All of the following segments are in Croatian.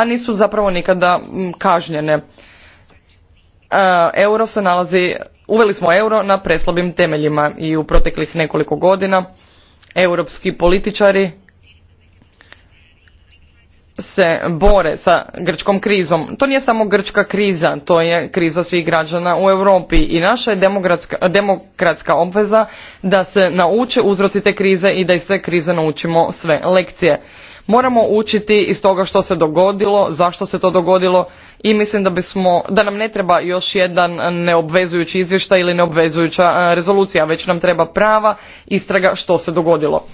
a nisu zapravo nikada kažnjene. E, euro se nalazi, uveli smo euro na preslabim temeljima i u proteklih nekoliko godina europski političari se bore sa grčkom krizom. To nije samo grčka kriza, to je kriza svih građana u Europi i naša je demokratska, obveza da se nauče uzroci te krize i da iz te krize naučimo sve lekcije. Moramo učiti iz toga što se dogodilo, zašto se to dogodilo i mislim da bismo, da nam ne treba još jedan neobvezujući izvještaj ili neobvezujuća e, rezolucija, već nam treba prava istraga što se dogodilo.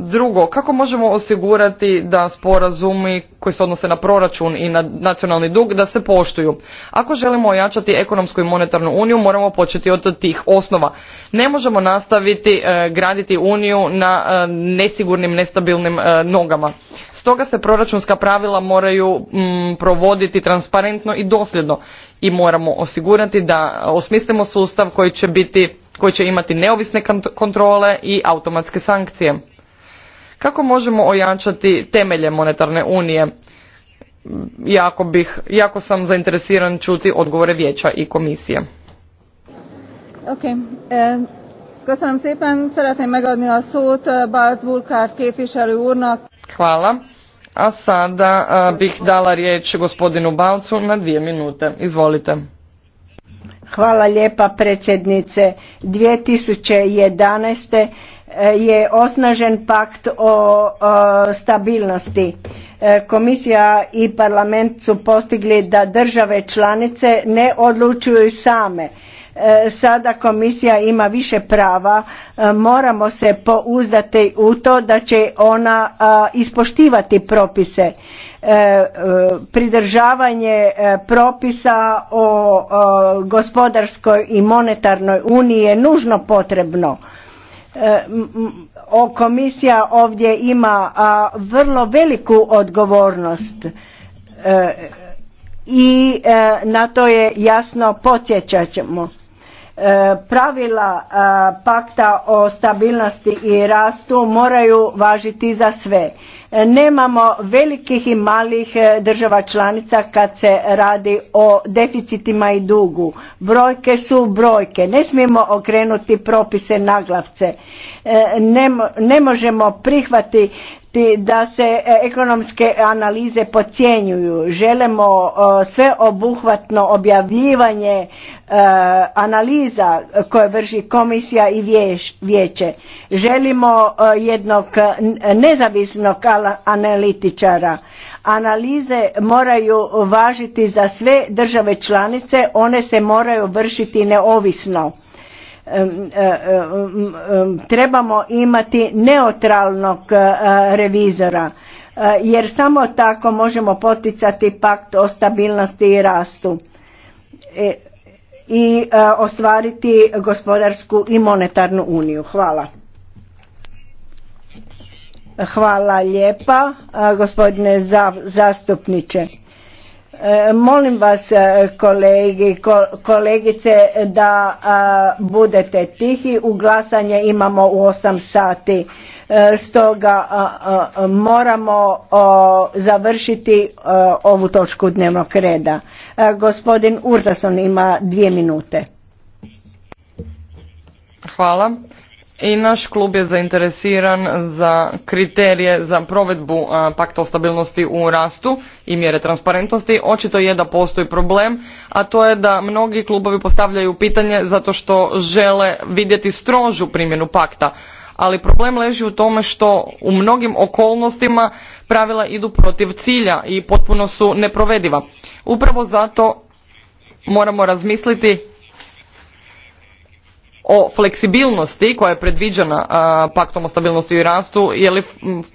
Drugo, kako možemo osigurati da sporazumi koji se odnose na proračun i na nacionalni dug da se poštuju? Ako želimo ojačati ekonomsku i monetarnu uniju, moramo početi od tih osnova. Ne možemo nastaviti e, graditi uniju na e, nesigurnim, nestabilnim e, nogama. Stoga se proračunska pravila moraju mm, provoditi transparentno i dosljedno i moramo osigurati da osmislimo sustav koji će biti koji će imati neovisne kontrole i automatske sankcije. Kako možemo ojačati temelje monetarne unije? Jako, bih, jako sam zainteresiran čuti odgovore vijeća i komisije. Okay. E, köszönöm szépen, szeretném megadni a szót eh, Bart képviselő Hvala. A sada eh, bih dala riječ gospodinu Balcu na dvije minute. Izvolite. Hvala lijepa predsjednice. 2011. Eh, je osnažen pakt o stabilnosti. Eh, komisija i parlament su postigli da države članice ne odlučuju same. Eh, sada komisija ima više prava, moramo se pouzdati u to da će ona ispoštivati propise. Pridržavanje propisa o gospodarskoj i monetarnoj uniji je nužno potrebno E, komisija ovdje ima vrlo veliku odgovornost e, i e, na to je jasno podsjećat ćemo. Pravila pakta o stabilnosti i rastu moraju važiti za sve E, nemamo velikih i malih e, država članica kad se radi o deficitima i dugu. Brojke su brojke. Ne smijemo okrenuti propise naglavce. E, ne, ne možemo prihvati da se e, ekonomske analize podcjenjuju. Želimo e, sve obuhvatno objavljivanje e, analiza koje vrši komisija i vijeće. Želimo jednog nezavisnog analitičara. Analize moraju važiti za sve države članice, one se moraju vršiti neovisno trebamo imati neutralnog eh, revizora eh, jer samo tako možemo poticati pakt o stabilnosti i rastu e, i eh, ostvariti gospodarsku i monetarnu uniju. Hvala. Hvala lijepa gospodine zastupniče. E, molim vas e, kolegi, kolegice da budete tihi, u glasanje imamo u 8 sati, e, stoga moramo završiti ovu točku dnevnog reda. Gospodin Urdason ima dvije minute. Hvala i naš klub je zainteresiran za kriterije za provedbu pakta o stabilnosti u rastu i mjere transparentnosti. Očito je da postoji problem, a to je da mnogi klubovi postavljaju pitanje zato što žele vidjeti strožu primjenu pakta. Ali problem leži u tome što u mnogim okolnostima pravila idu protiv cilja i potpuno su neprovediva. Upravo zato moramo razmisliti o fleksibilnosti koja je predviđena paktom o stabilnosti i rastu je li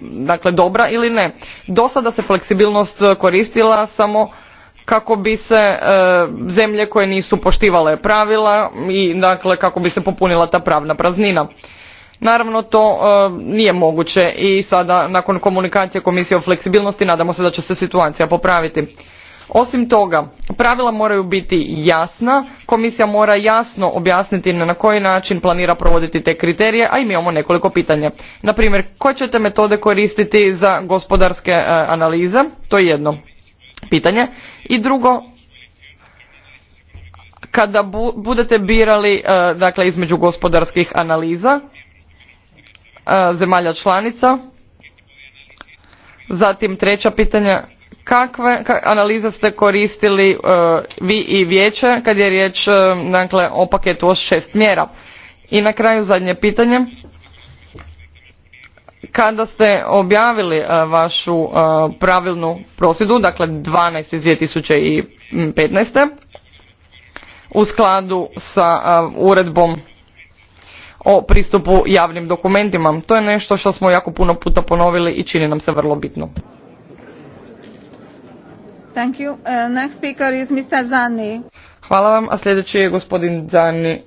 dakle dobra ili ne do sada se fleksibilnost koristila samo kako bi se e, zemlje koje nisu poštivale pravila i dakle kako bi se popunila ta pravna praznina naravno to e, nije moguće i sada nakon komunikacije komisije o fleksibilnosti nadamo se da će se situacija popraviti osim toga, pravila moraju biti jasna, komisija mora jasno objasniti na koji način planira provoditi te kriterije, a i mi imamo nekoliko pitanja. primjer koje ćete metode koristiti za gospodarske e, analize? To je jedno pitanje. I drugo, kada budete birali e, dakle između gospodarskih analiza e, zemalja članica zatim treća pitanja kakve analize ste koristili e, vi i vijeće kad je riječ e, dakle, o paketu od šest mjera? I na kraju zadnje pitanje. Kada ste objavili e, vašu pravilnu prosjedu, dakle 12 iz 2015. u skladu sa uredbom o pristupu javnim dokumentima. To je nešto što smo jako puno puta ponovili i čini nam se vrlo bitno. Thank uh, Hvala vam, a sljedeći je gospodin Zani.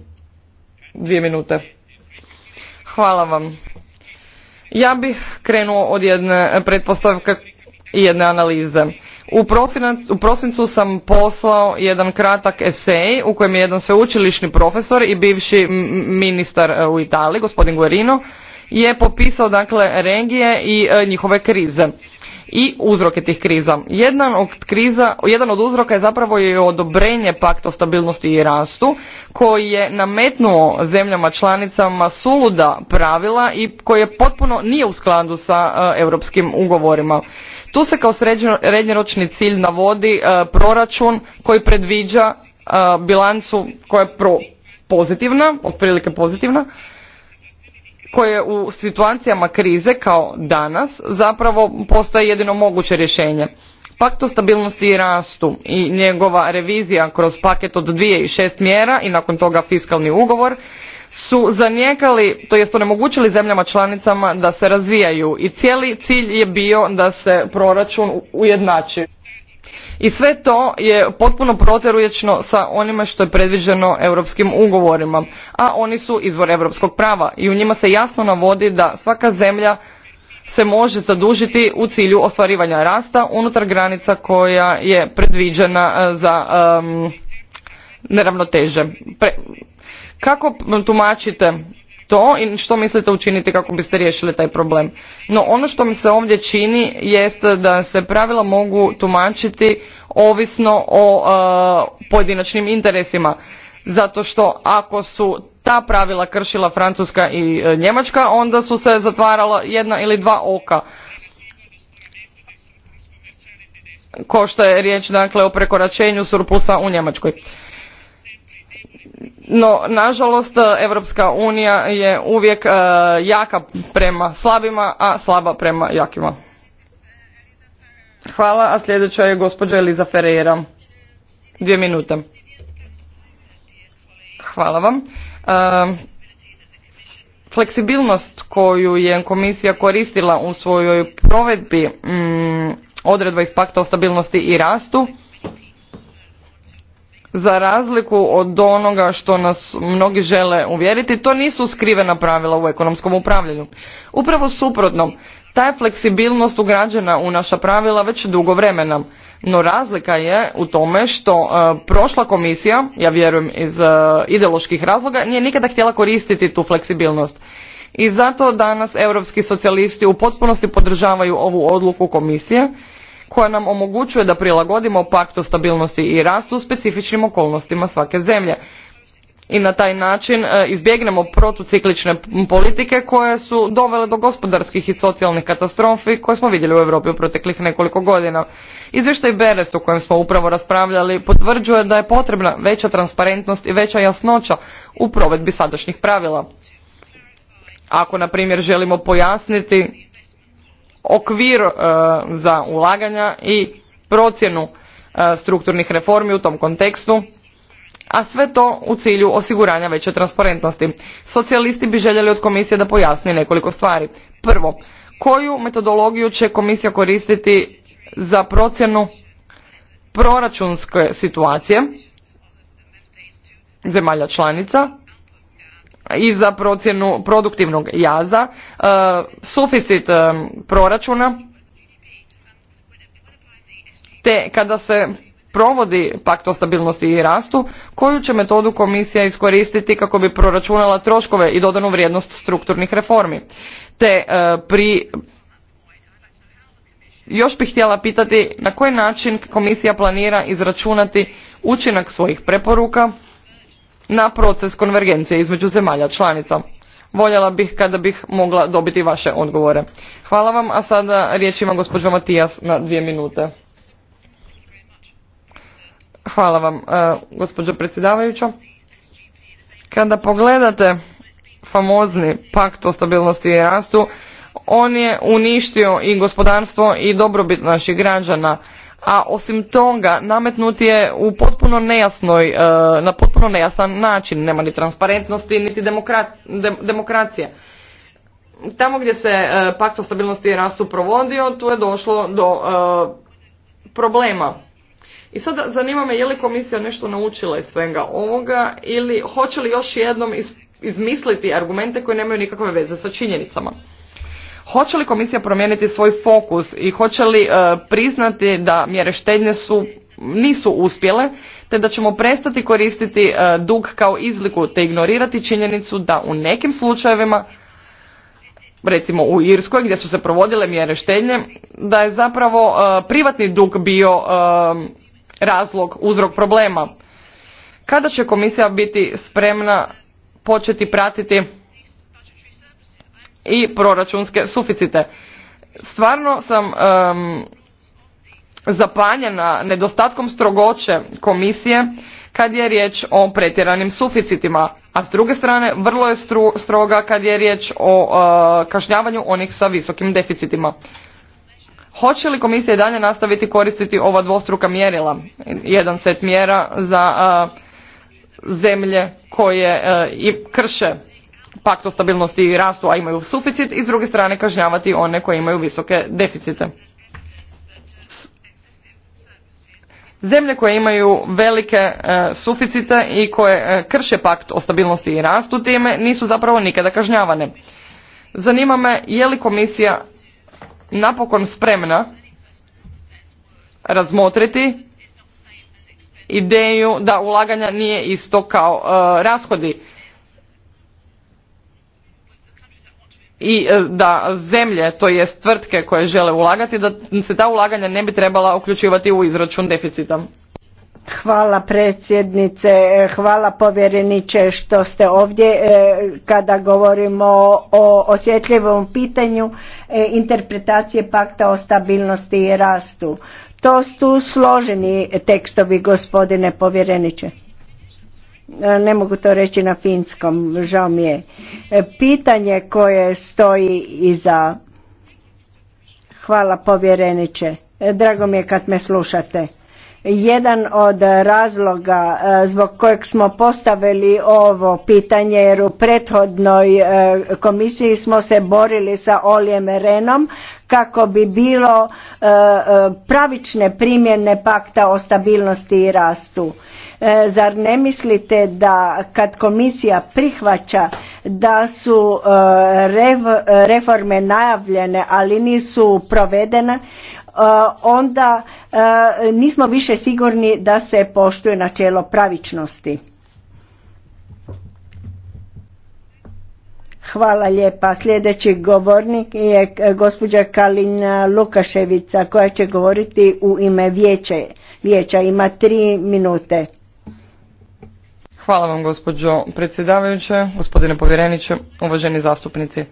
Dvije minute. Hvala vam. Ja bih krenuo od jedne pretpostavke i jedne analize. U, prosincu sam poslao jedan kratak esej u kojem je jedan sveučilišni profesor i bivši ministar e, u Italiji, gospodin Guerino, je popisao dakle regije i e, njihove krize i uzroke tih kriza. Jedan od, kriza, jedan od uzroka je zapravo i odobrenje pakta o stabilnosti i rastu koji je nametnuo zemljama članicama suluda pravila i koji je potpuno nije u skladu sa uh, europskim ugovorima. Tu se kao srednjeročni cilj navodi e, proračun koji predviđa e, bilancu koja je pro pozitivna, otprilike pozitivna, koje u situacijama krize kao danas zapravo postaje jedino moguće rješenje. Pakt o stabilnosti i rastu i njegova revizija kroz paket od dvije i šest mjera i nakon toga fiskalni ugovor su zanijekali, to jest onemogućili zemljama članicama da se razvijaju i cijeli cilj je bio da se proračun ujednači. I sve to je potpuno proteruječno sa onima što je predviđeno europskim ugovorima, a oni su izvor europskog prava i u njima se jasno navodi da svaka zemlja se može zadužiti u cilju ostvarivanja rasta unutar granica koja je predviđena e, za neravnoteže. kako tumačite to i što mislite učiniti kako biste riješili taj problem. No ono što mi se ovdje čini jest da se pravila mogu tumačiti ovisno o e, pojedinačnim interesima. Zato što ako su ta pravila kršila Francuska i e, Njemačka, onda su se zatvarala jedna ili dva oka. Ko što je riječ dakle, o prekoračenju surplusa u Njemačkoj no nažalost Europska unija je uvijek e, jaka prema slabima, a slaba prema jakima. Hvala, a sljedeća je gospođa Eliza Ferreira. Dvije minute. Hvala vam. E, fleksibilnost koju je komisija koristila u svojoj provedbi mm, odredba iz pakta o stabilnosti i rastu za razliku od onoga što nas mnogi žele uvjeriti, to nisu skrivena pravila u ekonomskom upravljanju. Upravo suprotno, ta je fleksibilnost ugrađena u naša pravila već dugo vremena. No razlika je u tome što e, prošla komisija, ja vjerujem iz e, ideoloških razloga, nije nikada htjela koristiti tu fleksibilnost. I zato danas europski socijalisti u potpunosti podržavaju ovu odluku komisije koja nam omogućuje da prilagodimo pakt o stabilnosti i rastu specifičnim okolnostima svake zemlje i na taj način e, izbjegnemo protuciklične politike koje su dovele do gospodarskih i socijalnih katastrofi koje smo vidjeli u Europi u proteklih nekoliko godina. Izvještaj Beres o kojem smo upravo raspravljali potvrđuje da je potrebna veća transparentnost i veća jasnoća u provedbi sadašnjih pravila. Ako, na primjer, želimo pojasniti okvir e, za ulaganja i procjenu e, strukturnih reformi u tom kontekstu a sve to u cilju osiguranja veće transparentnosti socijalisti bi željeli od komisije da pojasni nekoliko stvari prvo koju metodologiju će komisija koristiti za procjenu proračunske situacije zemalja članica i za procjenu produktivnog jaza, e, suficit e, proračuna, te kada se provodi pakt o stabilnosti i rastu, koju će metodu komisija iskoristiti kako bi proračunala troškove i dodanu vrijednost strukturnih reformi. Te e, pri još bih htjela pitati na koji način komisija planira izračunati učinak svojih preporuka na proces konvergencije između zemalja članica. Voljela bih kada bih mogla dobiti vaše odgovore. Hvala vam, a sada riječ ima gospođa Matijas na dvije minute. Hvala vam, e, gospođo predsjedavajuća. Kada pogledate famozni pakt o stabilnosti i rastu, on je uništio i gospodarstvo i dobrobit naših građana a osim toga nametnut je u potpuno nejasnoj, e, na potpuno nejasan način. Nema ni transparentnosti, niti demokracije. Tamo gdje se e, pakt o stabilnosti i rastu provodio, tu je došlo do e, problema. I sada zanima me je li komisija nešto naučila iz svega ovoga ili hoće li još jednom izmisliti argumente koji nemaju nikakve veze sa činjenicama. Hoće li komisija promijeniti svoj fokus i hoće li e, priznati da mjere štednje su nisu uspjele, te da ćemo prestati koristiti e, dug kao izliku te ignorirati činjenicu da u nekim slučajevima, recimo u Irskoj gdje su se provodile mjere štednje, da je zapravo e, privatni dug bio razlog, uzrok problema. Kada će komisija biti spremna početi pratiti i proračunske suficite. Stvarno sam um, zapanjena nedostatkom strogoće komisije kad je riječ o pretjeranim suficitima, a s druge strane vrlo je stroga kad je riječ o uh, kažnjavanju onih sa visokim deficitima. Hoće li komisija i dalje nastaviti koristiti ova dvostruka mjerila, jedan set mjera za e, zemlje koje uh, krše pakt o stabilnosti i rastu, a imaju suficit i s druge strane kažnjavati one koje imaju visoke deficite. Zemlje koje imaju velike e, suficite i koje e, krše pakt o stabilnosti i rastu time nisu zapravo nikada kažnjavane. Zanima me je li komisija napokon spremna razmotriti ideju da ulaganja nije isto kao e, rashodi i e, da zemlje, to jest tvrtke koje žele ulagati, da se ta ulaganja ne bi trebala uključivati u izračun deficita. Hvala predsjednice, hvala povjereniče što ste ovdje e, kada govorimo o osjetljivom pitanju e, interpretacije pakta o stabilnosti i rastu. To su složeni tekstovi gospodine povjereniče ne mogu to reći na finskom, žao mi je. E, pitanje koje stoji iza... Hvala povjereniče, e, drago mi je kad me slušate. Jedan od razloga e, zbog kojeg smo postavili ovo pitanje jer u prethodnoj komisiji smo se borili sa Olijem Renom kako bi bilo pravične primjene pakta o stabilnosti i rastu E, zar ne mislite da kad komisija prihvaća da su e, reforme najavljene ali nisu provedene, e, onda nismo više sigurni da se poštuje načelo pravičnosti. Hvala lijepa. Sljedeći govornik je gospođa Kalina Lukaševica koja će govoriti u ime vijeća. Vijeća ima tri minute. Hvala vam gospođo predsjedavajuće, gospodine povjereniče, uvaženi zastupnici.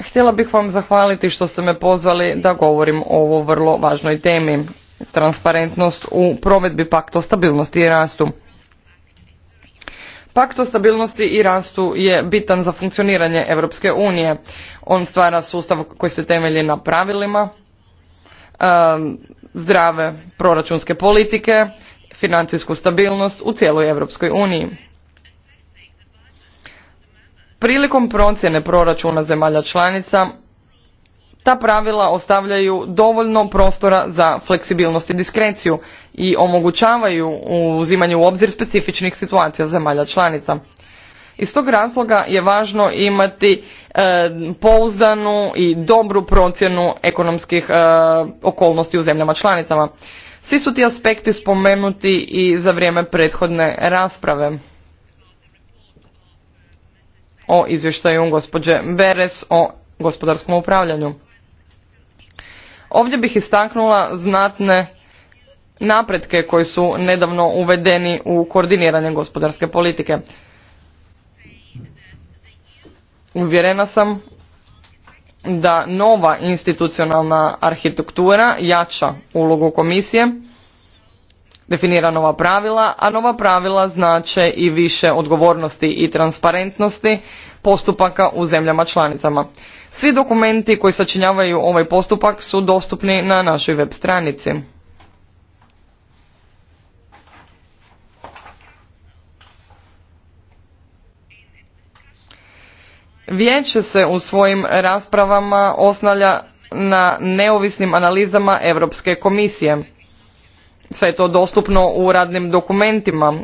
Htjela bih vam zahvaliti što ste me pozvali da govorim o ovo vrlo važnoj temi, transparentnost u provedbi pakta o stabilnosti i rastu. Pakt o stabilnosti i rastu je bitan za funkcioniranje Europske unije. On stvara sustav koji se temelji na pravilima, ehm, zdrave proračunske politike, financijsku stabilnost u cijeloj Europskoj uniji. Prilikom procjene proračuna zemalja članica, ta pravila ostavljaju dovoljno prostora za fleksibilnost i diskreciju i omogućavaju uzimanje u obzir specifičnih situacija zemalja članica. Iz tog razloga je važno imati e, pouzdanu i dobru procjenu ekonomskih e, okolnosti u zemljama članicama. Svi su ti aspekti spomenuti i za vrijeme prethodne rasprave o izvještaju gospođe Beres o gospodarskom upravljanju. Ovdje bih istaknula znatne napretke koji su nedavno uvedeni u koordiniranje gospodarske politike. Uvjerena sam da nova institucionalna arhitektura jača ulogu komisije, definira nova pravila, a nova pravila znače i više odgovornosti i transparentnosti postupaka u zemljama članicama. Svi dokumenti koji sačinjavaju ovaj postupak su dostupni na našoj web stranici. Vijeće se u svojim raspravama osnalja na neovisnim analizama Europske komisije. Sve je to dostupno u radnim dokumentima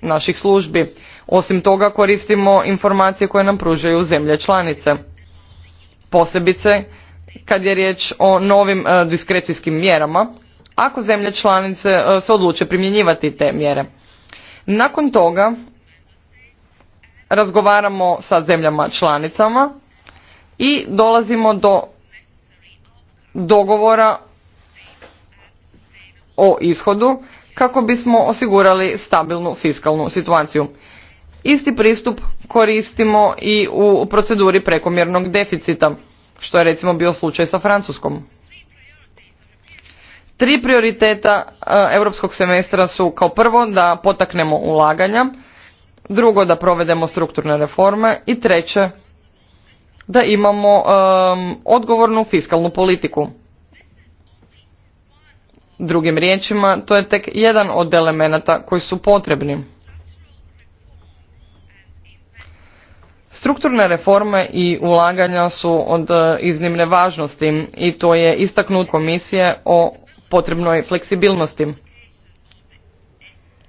naših službi. Osim toga koristimo informacije koje nam pružaju zemlje članice. Posebice kad je riječ o novim e, diskrecijskim mjerama, ako zemlje članice e, se odluče primjenjivati te mjere. Nakon toga razgovaramo sa zemljama članicama i dolazimo do dogovora o ishodu kako bismo osigurali stabilnu fiskalnu situaciju. Isti pristup koristimo i u proceduri prekomjernog deficita, što je recimo bio slučaj sa Francuskom. Tri prioriteta e, europskog semestra su kao prvo da potaknemo ulaganja, drugo da provedemo strukturne reforme i treće da imamo odgovornu fiskalnu politiku. Drugim riječima, to je tek jedan od elemenata koji su potrebni. Strukturne reforme i ulaganja su od e, iznimne važnosti i to je istaknut komisije o potrebnoj fleksibilnosti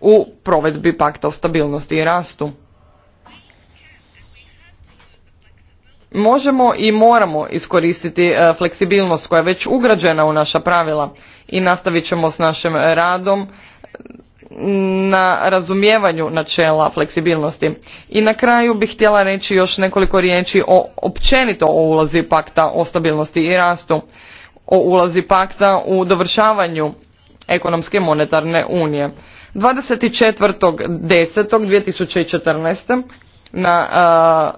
u provedbi pakta o stabilnosti i rastu. Možemo i moramo iskoristiti e, fleksibilnost koja je već ugrađena u naša pravila i nastavit ćemo s našim radom na razumijevanju načela fleksibilnosti. I na kraju bih htjela reći još nekoliko riječi o općenito o ulazi pakta o stabilnosti i rastu, o ulazi pakta u dovršavanju ekonomske monetarne unije. 24.10.2014. na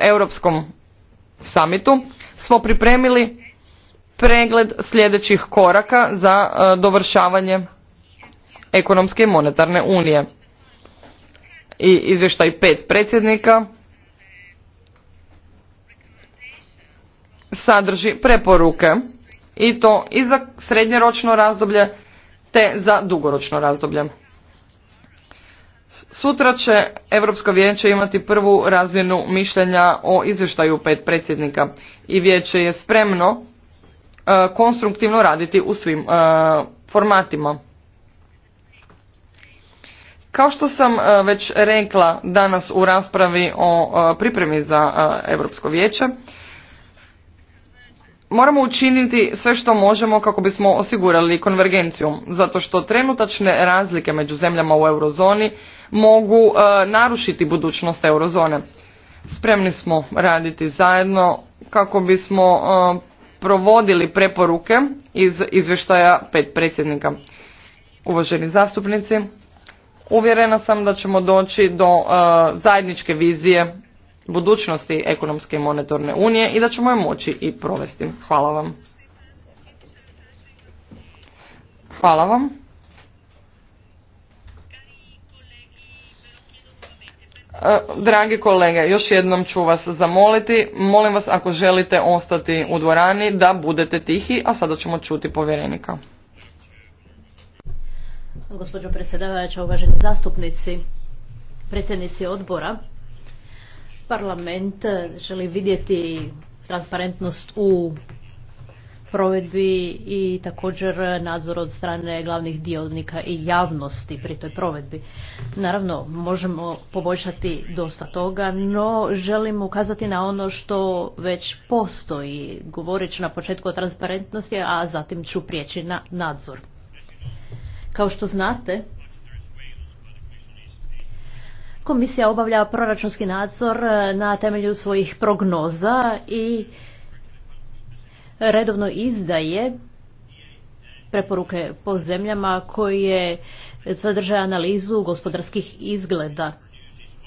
Europskom samitu smo pripremili pregled sljedećih koraka za dovršavanje ekonomske i monetarne unije. I izvještaj pet predsjednika sadrži preporuke i to i za srednjeročno razdoblje te za dugoročno razdoblje. Sutra će Europsko vijeće imati prvu razmjenu mišljenja o izvještaju pet predsjednika i vijeće je spremno e, konstruktivno raditi u svim e, formatima. Kao što sam e, već rekla danas u raspravi o pripremi za Europsko vijeće, moramo učiniti sve što možemo kako bismo osigurali konvergenciju, zato što trenutačne razlike među zemljama u eurozoni mogu e, narušiti budućnost eurozone. Spremni smo raditi zajedno kako bismo e, provodili preporuke iz izvještaja pet predsjednika. Uvaženi zastupnici, uvjerena sam da ćemo doći do e, zajedničke vizije budućnosti ekonomske i monetarne unije i da ćemo je moći i provesti. Hvala vam. Hvala vam. E, dragi kolege, još jednom ću vas zamoliti, molim vas ako želite ostati u dvorani da budete tihi, a sada ćemo čuti povjerenika. Gospođo predsjedavajuća, uvaženi zastupnici, predsjednici odbora, parlament eh, želi vidjeti transparentnost u provedbi i također nadzor od strane glavnih dionika i javnosti pri toj provedbi. Naravno, možemo poboljšati dosta toga, no želim ukazati na ono što već postoji. govoreći na početku o transparentnosti, a zatim ću prijeći na nadzor. Kao što znate, Komisija obavlja proračunski nadzor e, na temelju svojih prognoza i redovno izdaje preporuke po zemljama koje sadrže analizu gospodarskih izgleda.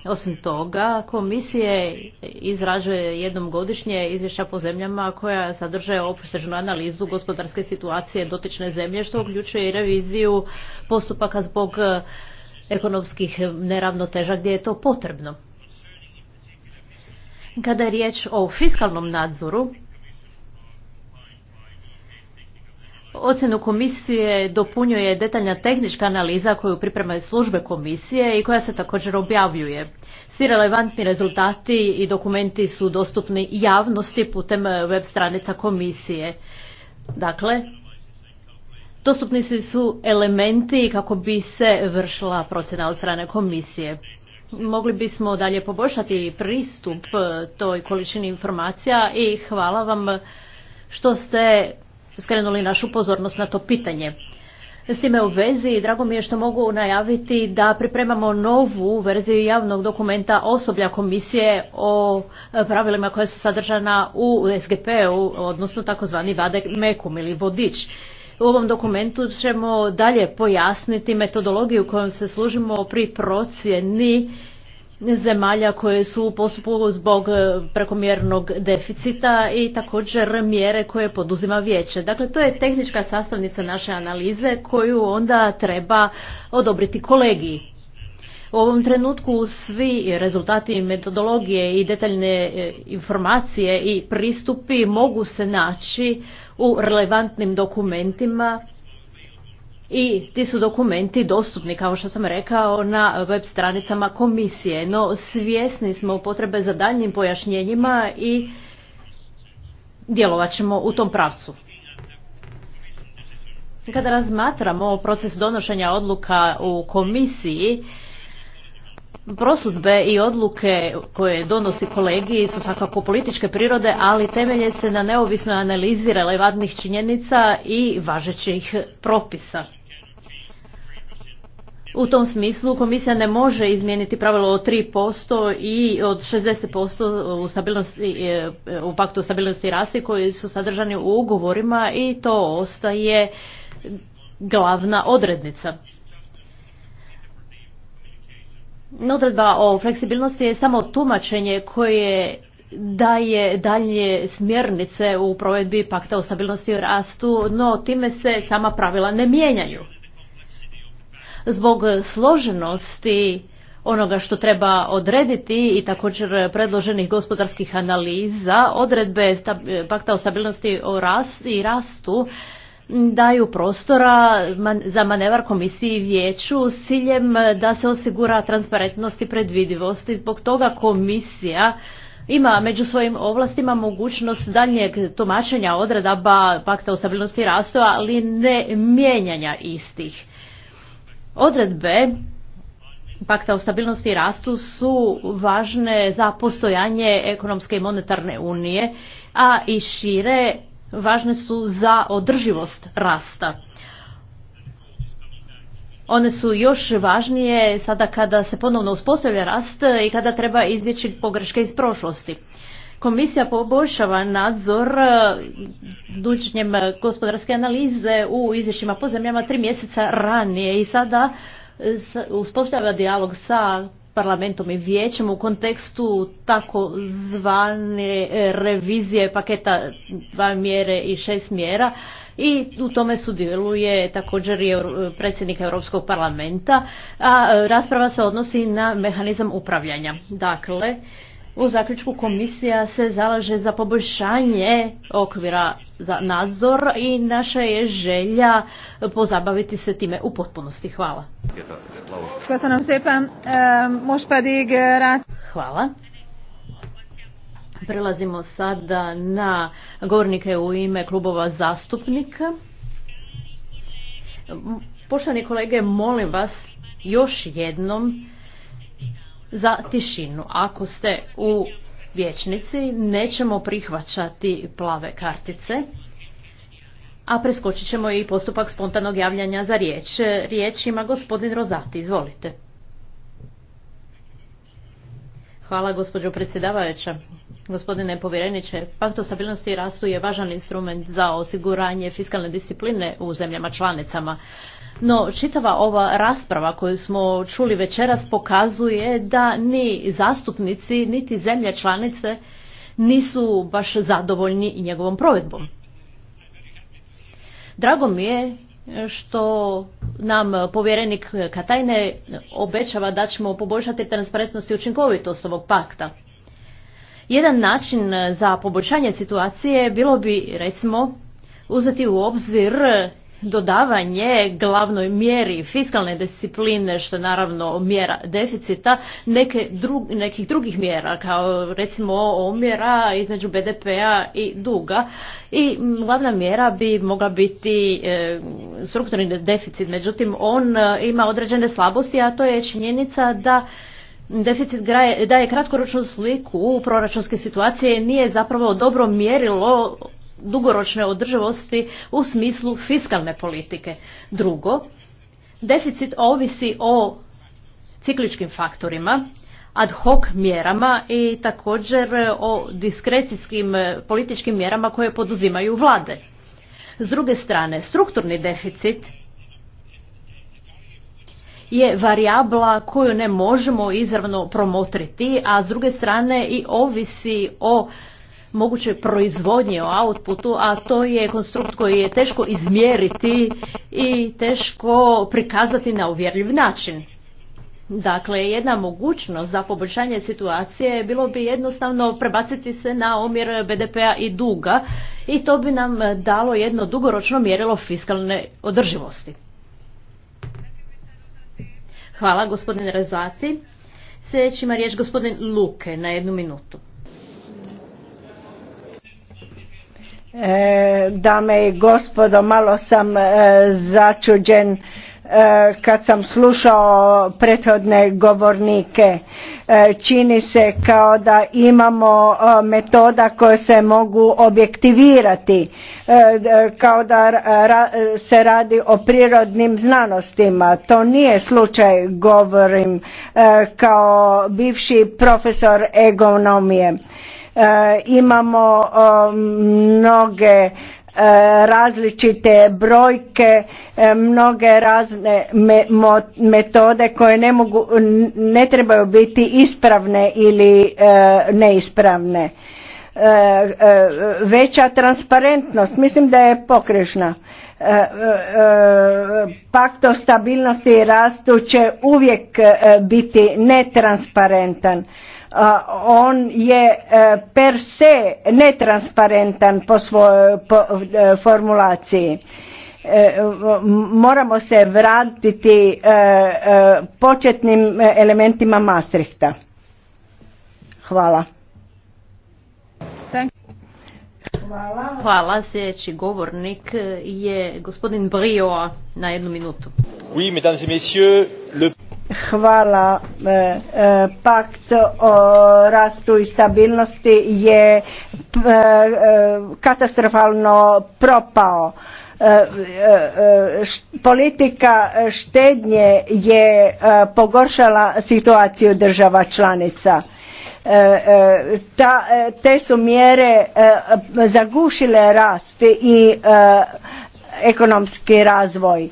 Osim toga, komisije izrađuje jednom godišnje izvješća po zemljama koja sadrže opsežnu analizu gospodarske situacije dotične zemlje, što uključuje i reviziju postupaka zbog e, ekonomskih neravnoteža gdje je to potrebno. Kada je riječ o fiskalnom nadzoru, Ocjenu komisije dopunjuje detaljna tehnička analiza koju pripremaju službe komisije i koja se također objavljuje. Svi relevantni rezultati i dokumenti su dostupni javnosti putem web stranica komisije. Dakle, Dostupni su elementi kako bi se vršila procjena od strane komisije. Mogli bismo dalje poboljšati pristup e, toj količini informacija i hvala vam što ste skrenuli našu pozornost na to pitanje. S time u vezi, drago mi je što mogu najaviti da pripremamo novu verziju javnog dokumenta osoblja komisije o e, pravilima koja su sadržana u SGP-u, odnosno takozvani vade mekum ili vodič. U ovom dokumentu ćemo dalje pojasniti metodologiju kojom se služimo pri procjeni zemalja koje su u postupku zbog e, prekomjernog deficita i također mjere koje poduzima vijeće. Dakle, to je tehnička sastavnica naše analize koju onda treba odobriti kolegiji. U ovom trenutku svi rezultati metodologije i detaljne e, informacije i pristupi mogu se naći u relevantnim dokumentima i ti su dokumenti dostupni, kao što sam rekao, na web stranicama komisije, no svjesni smo potrebe za daljnjim pojašnjenjima i djelovat ćemo u tom pravcu. Kada razmatramo proces donošenja odluka u komisiji, prosudbe i odluke koje donosi kolegiji su svakako političke prirode, ali temelje se na neovisnoj analizi relevantnih činjenica i važećih propisa. U tom smislu komisija ne može izmijeniti pravilo od 3% i od 60% u, stabilnosti, e, u paktu stabilnosti rasi koji su sadržani u ugovorima i to ostaje glavna odrednica. Odredba o fleksibilnosti je samo tumačenje koje daje dalje smjernice u provedbi pakta o stabilnosti i rastu, no time se sama pravila ne mijenjaju. Zbog složenosti onoga što treba odrediti i također predloženih gospodarskih analiza, odredbe pakta o stabilnosti i rastu daju prostora za manevar komisiji i vijeću s ciljem eh, da se osigura transparentnost i predvidivost i zbog toga komisija ima među svojim ovlastima mogućnost daljnjeg tumačenja odredaba pakta o stabilnosti i rastu, ali ne mijenjanja istih. Odredbe pakta o stabilnosti i rastu su važne za postojanje ekonomske i monetarne unije, a i šire važne su za održivost rasta. One su još važnije sada kada se ponovno uspostavlja rast i kada treba izvjeći pogreške iz prošlosti. Komisija poboljšava nadzor e, dućnjem gospodarske analize u izvješćima po zemljama tri mjeseca ranije i sada e, uspostavlja dijalog sa parlamentom i vijećem u kontekstu takozvane e, revizije paketa dva mjere i šest mjera i u tome sudjeluje također i e, predsjednik Europskog parlamenta, a e, rasprava se odnosi na mehanizam upravljanja. Dakle, u zaključku komisija se zalaže za poboljšanje okvira za nadzor i naša je želja pozabaviti se time u potpunosti. Hvala. Hvala. Prelazimo sada na govornike u ime klubova zastupnika. Poštovani kolege, molim vas još jednom za tišinu. Ako ste u vječnici, nećemo prihvaćati plave kartice, a preskočit ćemo i postupak spontanog javljanja za riječ. Riječ ima gospodin Rozati, izvolite. Hvala gospođo predsjedavajuća. Gospodine povjereniče, pakt o stabilnosti i rastu je važan instrument za osiguranje fiskalne discipline u zemljama članicama. No, čitava ova rasprava koju smo čuli večeras pokazuje da ni zastupnici, niti zemlje članice nisu baš zadovoljni i njegovom provedbom. Drago mi je što nam povjerenik Katajne obećava da ćemo poboljšati transparentnost i učinkovitost ovog pakta. Jedan način e, za poboljšanje situacije bilo bi, recimo, uzeti u obzir dodavanje glavnoj mjeri fiskalne discipline, što je naravno mjera deficita, neke nekih drugih mjera, kao recimo omjera između BDP-a i duga. I glavna mjera bi mogla biti e, strukturni deficit, međutim on e, ima određene slabosti, a to je činjenica da Deficit daje kratkoročnu sliku u proračunske situacije nije zapravo dobro mjerilo dugoročne održivosti u smislu fiskalne politike. Drugo, deficit ovisi o cikličkim faktorima, ad hoc mjerama i također o diskrecijskim političkim mjerama koje poduzimaju vlade. S druge strane, strukturni deficit je varijabla koju ne možemo izravno promotriti, a s druge strane i ovisi o moguće proizvodnje o outputu, a to je konstrukt koji je teško izmjeriti i teško prikazati na uvjerljiv način. Dakle, jedna mogućnost za poboljšanje situacije bilo bi jednostavno prebaciti se na omjer BDP-a i duga i to bi nam dalo jedno dugoročno mjerilo fiskalne održivosti. Hvala, gospodine Rezati. Sljedeći ima riječ gospodin Luke na jednu minutu. E, dame i gospodo, malo sam e, začuđen E, kad sam slušao prethodne govornike e, čini se kao da imamo e, metoda koje se mogu objektivirati kao da se radi o prirodnim znanostima to nije slučaj govorim kao bivši profesor ekonomije imamo mnoge E, različite brojke, e, mnoge razne metode koje ne, mogu, ne trebaju biti ispravne ili e, neispravne. Veća transparentnost, mislim da je pokrešna. Pakt o stabilnosti i rastu će uvijek biti netransparentan on je e, per se netransparentan po svojoj e, formulaciji. E, moramo se vratiti početnim elementima Maastrichta. Hvala. Hvala. Hvala. Sljedeći govornik je gospodin Brioa na jednu minutu. Oui, mesdames et messieurs, le... Hvala. E, e, pakt o rastu i stabilnosti je e, katastrofalno propao. Politika štednje je pogoršala situaciju država članica. te su mjere zagušile rast i ekonomski razvoj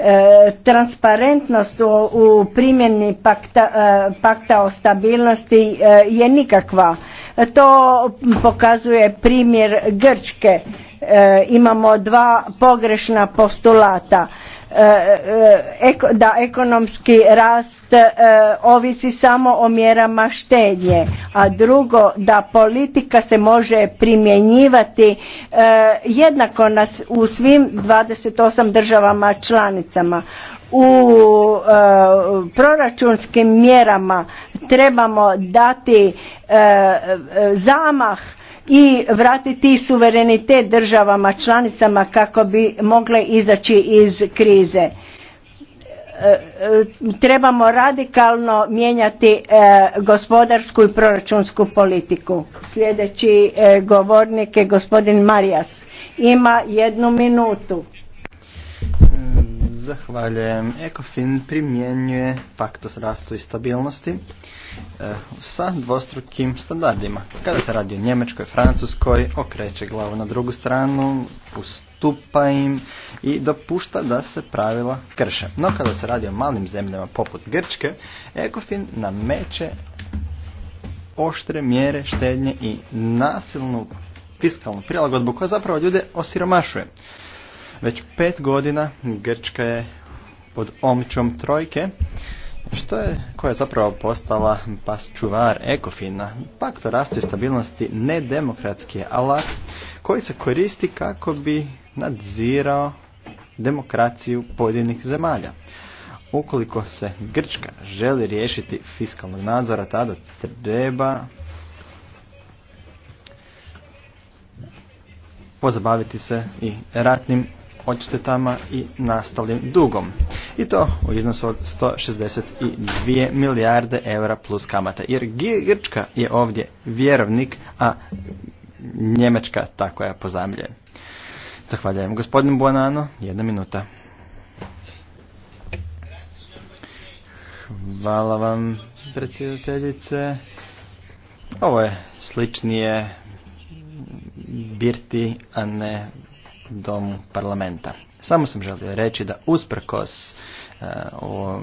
E, transparentnost u primjeni pakta, e, pakta o stabilnosti e, je nikakva. To pokazuje primjer Grčke. Imamo dva pogrešna postulata E, e, da ekonomski rast e, ovisi samo o mjerama štednje, a drugo da politika se može primjenjivati jednako nas u svim 28 državama članicama. U proračunskim mjerama trebamo dati zamah i vratiti suverenitet državama članicama kako bi mogle izaći iz krize. E, e, trebamo radikalno mijenjati e, gospodarsku i proračunsku politiku. Sljedeći govornik je gospodin Marijas. Ima jednu minutu. Zahvaljujem. Ekofin primjenjuje Paktus rastu i stabilnosti eh, sa dvostrukim standardima. Kada se radi o Njemačkoj, Francuskoj, okreće glavu na drugu stranu, ustupa im i dopušta da se pravila krše. No kada se radi o malim zemljama poput Grčke, Ekofin nameće oštre mjere štednje i nasilnu fiskalnu prilagodbu koja zapravo ljude osiromašuje. Već pet godina Grčka je pod omčom trojke, što je, koja je zapravo postala pas čuvar ekofina. pak to rastu stabilnosti nedemokratski je alat koji se koristi kako bi nadzirao demokraciju pojedinih zemalja. Ukoliko se Grčka želi riješiti fiskalnog nadzora, tada treba pozabaviti se i ratnim odštetama i nastalim dugom. I to u iznosu od 162 milijarde eura plus kamata. Jer Grčka je ovdje vjerovnik, a Njemačka ta koja pozamljen. Zahvaljujem. gospodinu Buonano, jedna minuta. Hvala vam, predsjedateljice. Ovo je sličnije birti, a ne domu parlamenta. Samo sam želio reći da usprkos u e,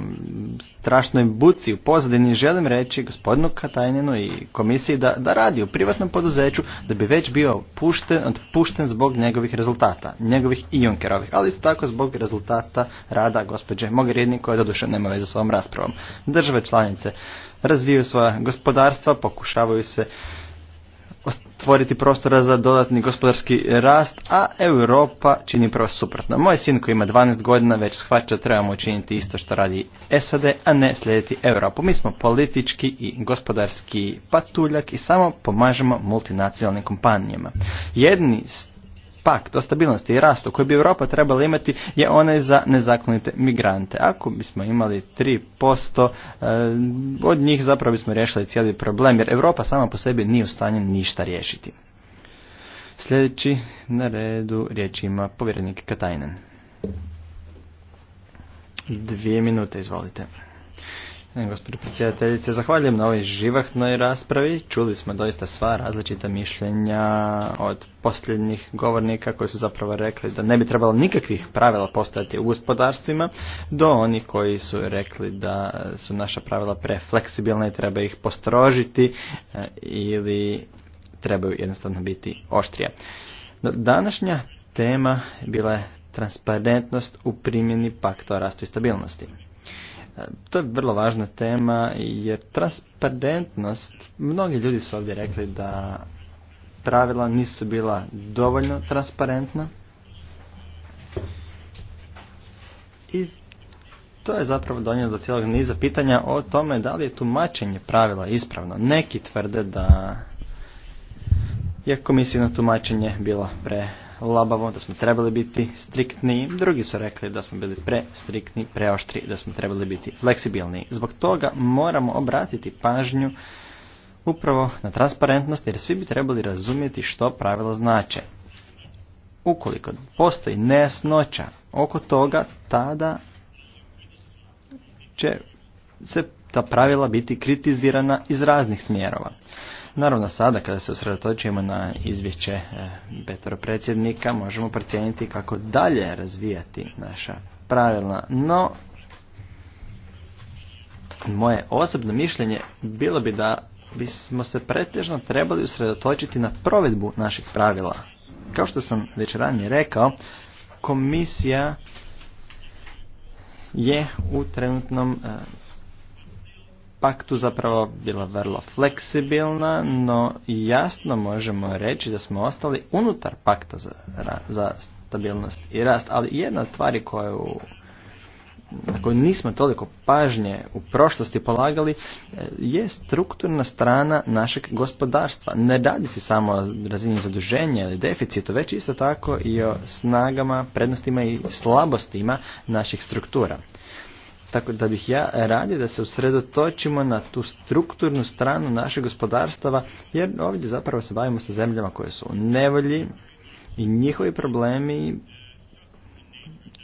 strašnoj buci u pozadini želim reći gospodinu Katajninu i komisiji da, da radi u privatnom poduzeću da bi već bio pušten, otpušten zbog njegovih rezultata, njegovih i Junkerovih, ali isto tako zbog rezultata rada gospođe Mogherini koja doduše nema veze s ovom raspravom. Države članice razvijaju svoja gospodarstva, pokušavaju se stvoriti prostora za dodatni gospodarski rast, a Europa čini prvo suprotno. Moj sin koji ima 12 godina već shvaća trebamo učiniti isto što radi SAD, a ne slijediti Europu. Mi smo politički i gospodarski patuljak i samo pomažemo multinacionalnim kompanijama. Jedni pakt o stabilnosti i rastu koji bi Europa trebala imati je onaj za nezakonite migrante. Ako bismo imali 3%, e, od njih zapravo bismo riješili cijeli problem jer Europa sama po sebi nije u stanju ništa riješiti. Sljedeći na redu riječ ima povjerenik Katajnen. Dvije minute, izvolite. E, Gospodin predsjedateljice, zahvaljujem na ovoj živahnoj raspravi. Čuli smo doista sva različita mišljenja od posljednjih govornika koji su zapravo rekli da ne bi trebalo nikakvih pravila postojati u gospodarstvima do onih koji su rekli da su naša pravila prefleksibilna i treba ih postrožiti e, ili trebaju jednostavno biti oštrije. Današnja tema bila je transparentnost u primjeni pakta o rastu i stabilnosti. E, to je vrlo važna tema jer transparentnost, mnogi ljudi su ovdje rekli da pravila nisu bila dovoljno transparentna i to je zapravo donijelo do cijelog niza pitanja o tome da li je tumačenje pravila ispravno. Neki tvrde da je komisijno tumačenje bilo pre labavo, da smo trebali biti striktniji, drugi su rekli da smo bili prestriktni, preoštri, da smo trebali biti fleksibilni. Zbog toga moramo obratiti pažnju upravo na transparentnost jer svi bi trebali razumjeti što pravila znače. Ukoliko postoji nejasnoća oko toga, tada će se ta pravila biti kritizirana iz raznih smjerova. Naravno sada kada se osredotočimo na izvješće e, Petro predsjednika možemo procijeniti kako dalje razvijati naša pravila, no moje osobno mišljenje bilo bi da bismo se pretežno trebali usredotočiti na provedbu naših pravila. Kao što sam već ranije rekao, komisija je u trenutnom e, paktu zapravo bila vrlo fleksibilna, no jasno možemo reći da smo ostali unutar pakta za, za stabilnost i rast, ali jedna od stvari na koju nismo toliko pažnje u prošlosti polagali e, je strukturna strana našeg gospodarstva. Ne radi se samo o razini zaduženja ili deficitu, već isto tako i o snagama, prednostima i slabostima naših struktura. Tako da bih ja radio da se usredotočimo na tu strukturnu stranu našeg gospodarstava, jer ovdje zapravo se bavimo sa zemljama koje su u nevolji i njihovi problemi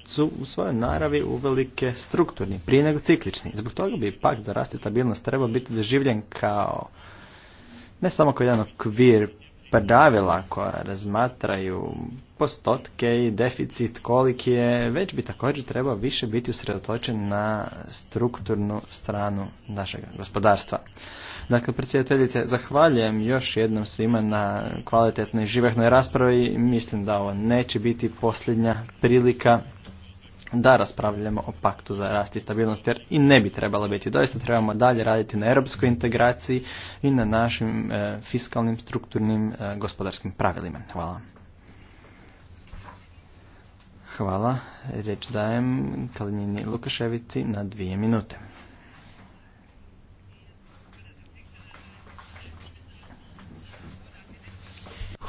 su u svojoj naravi uvelike strukturni, prije nego ciklični. Zbog toga bi pak za rast i stabilnost trebao biti doživljen kao ne samo kao jedan okvir pravila koja razmatraju postotke i deficit koliki je, već bi također trebao više biti usredotočen na strukturnu stranu našeg gospodarstva. Dakle, predsjedateljice, zahvaljujem još jednom svima na kvalitetnoj živahnoj raspravi. Mislim da ovo neće biti posljednja prilika da raspravljamo o paktu za rast i stabilnost jer i ne bi trebalo biti. Doista trebamo dalje raditi na europskoj integraciji i na našim e, fiskalnim, strukturnim, e, gospodarskim pravilima. Hvala. Hvala. Reč dajem Kalinini Lukaševici na dvije minute.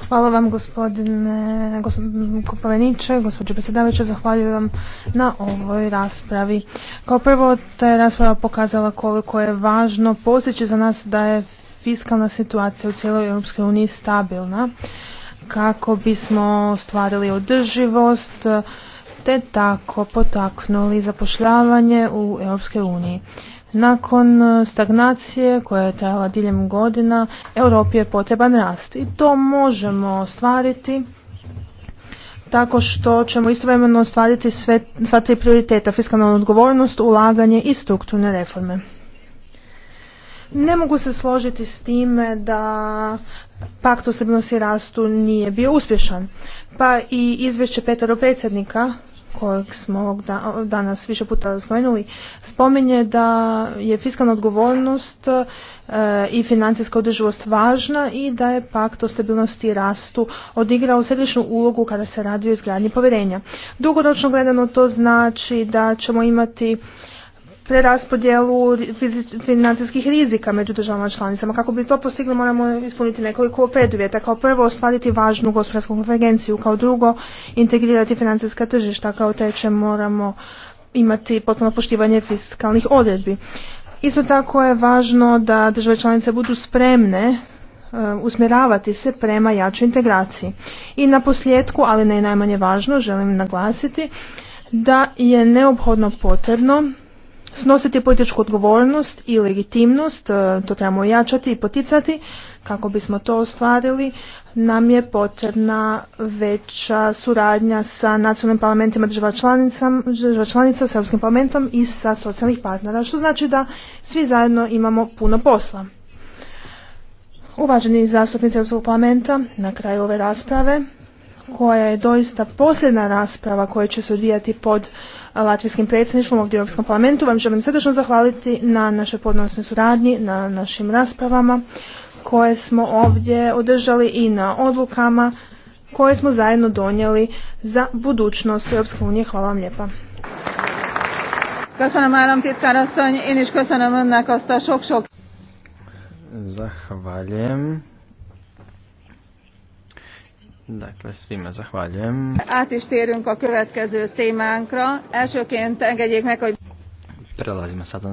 Hvala vam gospodine Kupoveniče, gospođo predsjedavajući. zahvaljujem vam na ovoj raspravi. Kao prvo, ta je rasprava pokazala koliko je važno postići za nas da je fiskalna situacija u cijeloj EU stabilna kako bismo stvarili održivost te tako potaknuli zapošljavanje u EU. Nakon e, stagnacije koja je trajala diljem godina, Europi je potreban rast i to možemo ostvariti tako što ćemo istovremeno ostvariti sve, sva tri prioriteta, fiskalna odgovornost, ulaganje i strukturne reforme. Ne mogu se složiti s time da pakt o stabilnosti rastu nije bio uspješan. Pa i izvješće Petaro predsjednika kojeg smo danas više puta spomenuli, spominje da je fiskalna odgovornost e, i financijska održivost važna i da je pakt o stabilnosti i rastu odigrao središnju ulogu kada se radi o izgradnji povjerenja. Dugoročno gledano to znači da ćemo imati preraspodjelu financijskih rizika među državama članicama. Kako bi to postigli moramo ispuniti nekoliko preduvjeta. Kao prvo ostvariti važnu gospodarsku konvergenciju, kao drugo integrirati financijska tržišta, kao treće moramo imati potpuno poštivanje fiskalnih odredbi. Isto tako je važno da države članice budu spremne e, usmjeravati se prema jačoj integraciji. I na posljedku, ali ne najmanje važno, želim naglasiti da je neophodno potrebno snositi političku odgovornost i legitimnost, e, to trebamo jačati i poticati. Kako bismo to ostvarili, nam je potrebna veća suradnja sa nacionalnim parlamentima država članica, država članica sa Europskim parlamentom i sa socijalnih partnera, što znači da svi zajedno imamo puno posla. Uvaženi zastupnici Europskog parlamenta, na kraju ove rasprave, koja je doista posljedna rasprava koja će se odvijati pod latvijskim predsjedništvom ovdje u Europskom parlamentu vam želim srdečno zahvaliti na našoj podnosnoj suradnji, na našim raspravama koje smo ovdje održali i na odlukama koje smo zajedno donijeli za budućnost Europske unije. Hvala vam lijepa. Zahvaljujem. Dakle, svima zahvaljujem. Át is térünk a következő témánkra. Elsőként engedjék meg, hogy... Prelazimo sada